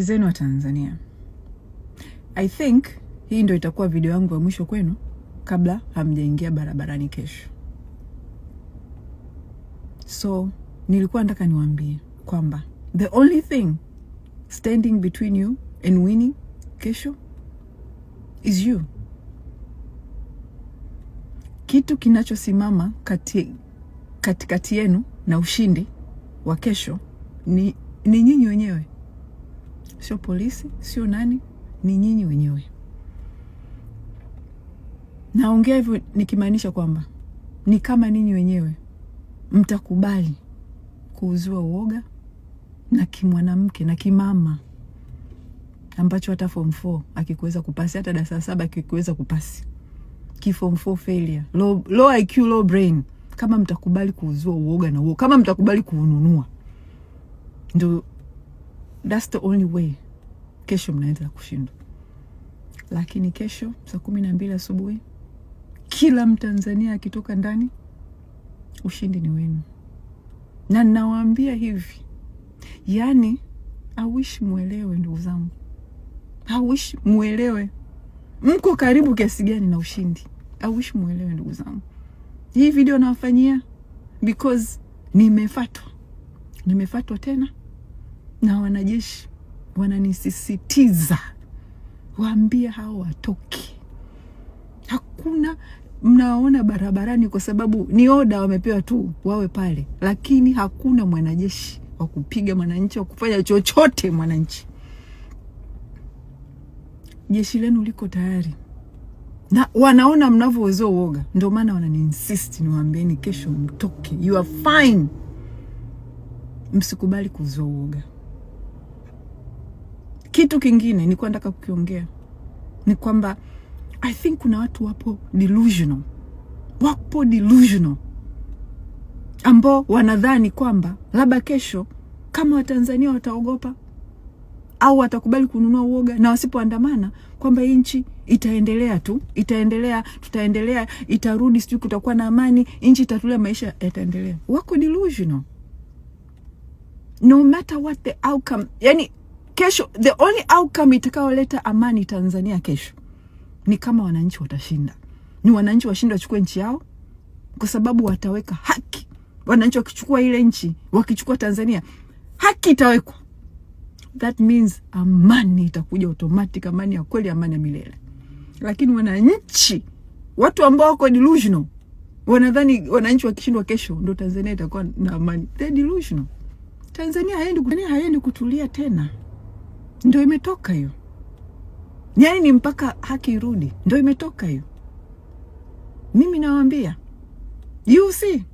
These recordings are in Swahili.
zenu wa Tanzania, I think hii ndio itakuwa video yangu ya mwisho kwenu kabla hamjaingia barabarani kesho. So nilikuwa nataka niwaambie kwamba the only thing standing between you and winning kesho is you. Kitu kinachosimama kati katikati yenu na ushindi wa kesho ni, ni nyinyi wenyewe sio polisi, sio nani, ni nyinyi wenyewe. Naongea hivyo nikimaanisha kwamba ni kama ninyi wenyewe mtakubali kuuziwa uoga na kimwanamke na kimama ambacho hata form 4 akikuweza kupasi hata darasa saba akikuweza kupasi ki form 4 failure low, low IQ low brain. Kama mtakubali kuuziwa uoga na uoga, kama mtakubali kuununua, ndio that's the only way. Kesho mnaenda kushindwa, lakini kesho saa kumi na mbili asubuhi kila Mtanzania akitoka ndani, ushindi ni wenu, na ninawaambia hivi, yaani awishi mwelewe, ndugu zangu, wish mwelewe mko karibu kiasi gani na ushindi. Awishi mwelewe, ndugu zangu, hii video nawafanyia because nimefatwa, nimefatwa tena na wanajeshi wananisisitiza, waambie hao watoke. Hakuna mnawaona barabarani kwa sababu ni oda wamepewa tu wawe pale, lakini hakuna mwanajeshi wa kupiga mwananchi wa kufanya chochote mwananchi. Jeshi lenu liko tayari na wanaona mnavyowezea uoga, ndio maana wananiinsist niwaambieni, kesho mtoke, you are fine. Msikubali kuzoa uoga. Kitu kingine nilikuwa nataka kukiongea ni kwamba I think kuna watu wapo delusional, wapo delusional ambao wanadhani kwamba labda kesho kama Watanzania wataogopa au watakubali kununua uoga na wasipoandamana, kwamba hii nchi itaendelea tu, itaendelea, tutaendelea, itarudi, sijui kutakuwa na amani, nchi itatulia, maisha yataendelea. Wako delusional no matter what the outcome, yani kesho, the only outcome itakayoleta amani Tanzania kesho ni kama wananchi watashinda, ni wananchi washinde wachukue nchi yao, kwa sababu wataweka haki. Wananchi wakichukua ile nchi, wakichukua Tanzania, haki itawekwa. That means amani itakuja automatic, amani ya kweli, amani ya milele. Lakini wananchi, watu ambao wako delusional wanadhani wananchi wakishindwa kesho ndo Tanzania itakuwa na amani. They delusional. Tanzania haendi, haendi kutulia tena. Ndio imetoka hiyo, yaani ni mpaka haki irudi, ndio imetoka hiyo. Mimi nawaambia you see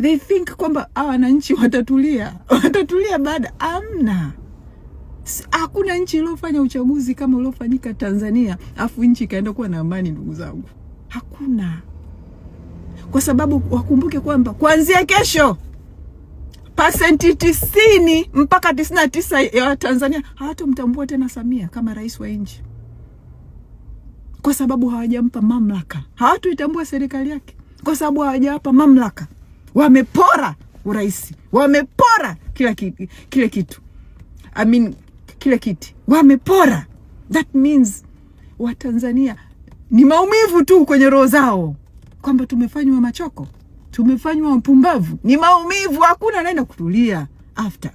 they think kwamba a ah, wananchi watatulia, watatulia baada. Amna, hakuna nchi iliyofanya uchaguzi kama uliofanyika Tanzania afu nchi ikaenda kuwa na amani, ndugu zangu, hakuna. Kwa sababu wakumbuke kwamba kuanzia kesho pasenti tisini mpaka tisini na tisa ya Watanzania hawatomtambua tena Samia kama rais wa nchi, kwa sababu hawajampa mamlaka. Hawatuitambua serikali yake kwa sababu hawajawapa mamlaka. Wamepora urais, wamepora kila ki, kile kitu I mean, kile kiti wamepora. That means Watanzania ni maumivu tu kwenye roho zao kwamba tumefanywa machoko tumefanywa mpumbavu, ni maumivu, hakuna anaenda kutulia after.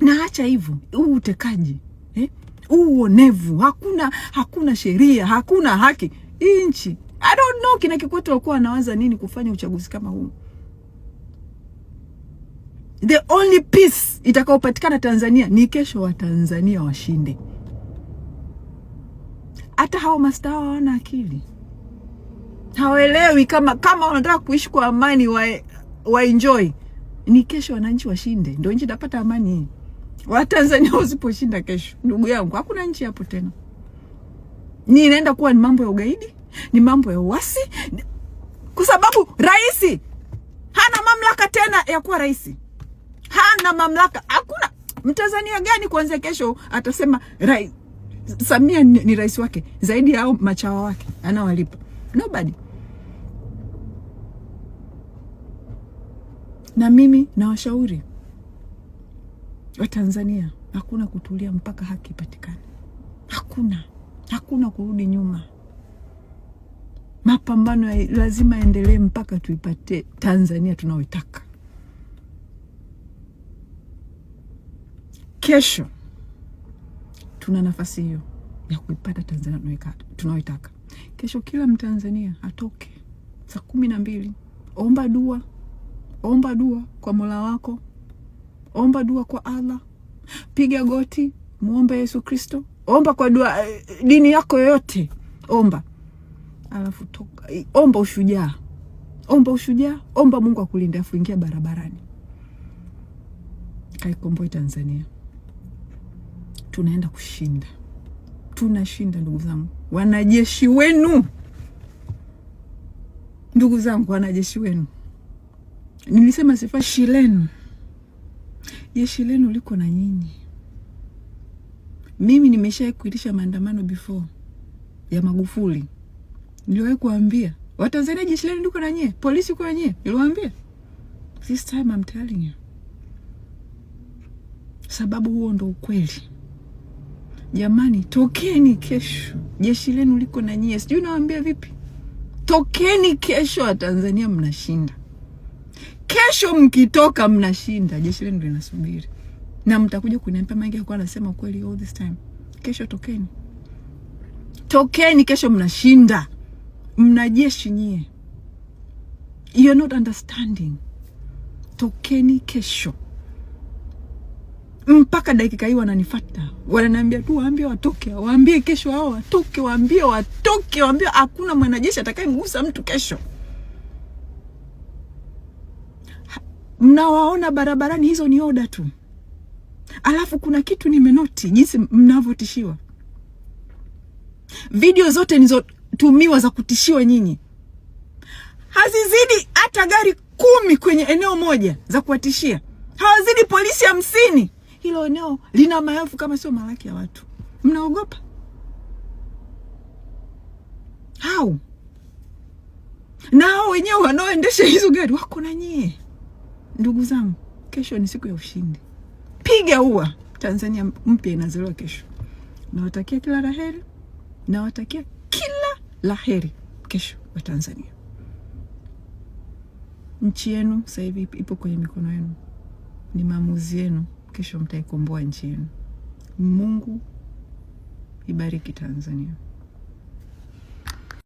Na acha hivyo huu utekaji eh? huu uonevu, hakuna hakuna sheria, hakuna haki hii nchi. I don't know kina Kikwete wakuwa anawaza nini kufanya uchaguzi kama huu. The only peace itakayopatikana Tanzania ni kesho Watanzania washinde. Hata hao mastaa hawana akili hawaelewi kama kama wanataka kuishi kwa amani wa, wa enjoy ni kesho wananchi washinde, ndio nchi itapata amani hii. Watanzania wasiposhinda kesho, ndugu yangu, hakuna nchi hapo tena. Ni inaenda kuwa ni mambo ya ugaidi, ni mambo ya uasi, kwa sababu rais hana mamlaka tena ya kuwa rais, hana mamlaka. Hakuna mtanzania gani kuanzia kesho atasema rais Samia ni, ni rais wake zaidi yao machawa wake anawalipa nobody. Na mimi na wa Watanzania, hakuna kutulia mpaka haki ipatikane. Hakuna, hakuna kurudi nyuma. Mapambano ya lazima yaendelee mpaka tuipate Tanzania tunaoitaka. Kesho tuna nafasi hiyo ya kuipata Tanzania tunaoitaka. Kesho kila Mtanzania atoke saa kumi na mbili, omba dua omba dua kwa mola wako, omba dua kwa Allah, piga goti muombe Yesu Kristo, omba kwa dua eh, dini yako yoyote, omba alafu toka, omba ushujaa, omba ushujaa, omba Mungu akulinde, afu ingia barabarani. Kaikomboe Tanzania, tunaenda kushinda, tunashinda ndugu zangu, wanajeshi wenu, ndugu zangu, wanajeshi wenu. Nilisema sifa shilenu lenu, jeshi lenu liko na nyinyi. Mimi nimeshawahi kuitisha maandamano before ya Magufuli, niliwahi kuambia Watanzania, jeshi lenu liko na nyie, polisi kwa nyie, niliwaambia. This time I'm telling you, sababu huo ndo ukweli jamani. Tokeni kesho, jeshi lenu liko na nyie. Sijui nawaambia vipi, tokeni kesho, Watanzania mnashinda kesho mkitoka mnashinda, jeshi lenu linasubiri na mtakuja kuniambia Mange alikuwa anasema kweli all this time. Kesho tokeni, tokeni kesho, mnashinda, mna jeshi nyie. You're not understanding. Tokeni kesho. Mpaka dakika hii wananifata, wananiambia tu waambie watoke, waambie kesho hao watoke, waambie watoke, waambie hakuna mwanajeshi atakayemgusa mtu kesho. mnawaona barabarani, hizo ni oda tu. Alafu kuna kitu nimenoti, jinsi mnavyotishiwa. Video zote nizotumiwa za kutishiwa nyinyi hazizidi hata gari kumi kwenye eneo moja za kuwatishia, hawazidi polisi hamsini. Hilo eneo lina maelfu kama sio malaki ya watu, mnaogopa au na hao wenyewe wanaoendesha hizo gari wako na nyie. Ndugu zangu, kesho ni siku ya ushindi. Piga ua, Tanzania mpya inazaliwa kesho. Nawatakia kila laheri nawatakia kila laheri kesho wa Tanzania. Nchi yenu sasa hivi ipo kwenye mikono yenu, ni maamuzi yenu. Kesho mtaikomboa nchi yenu. Mungu ibariki Tanzania.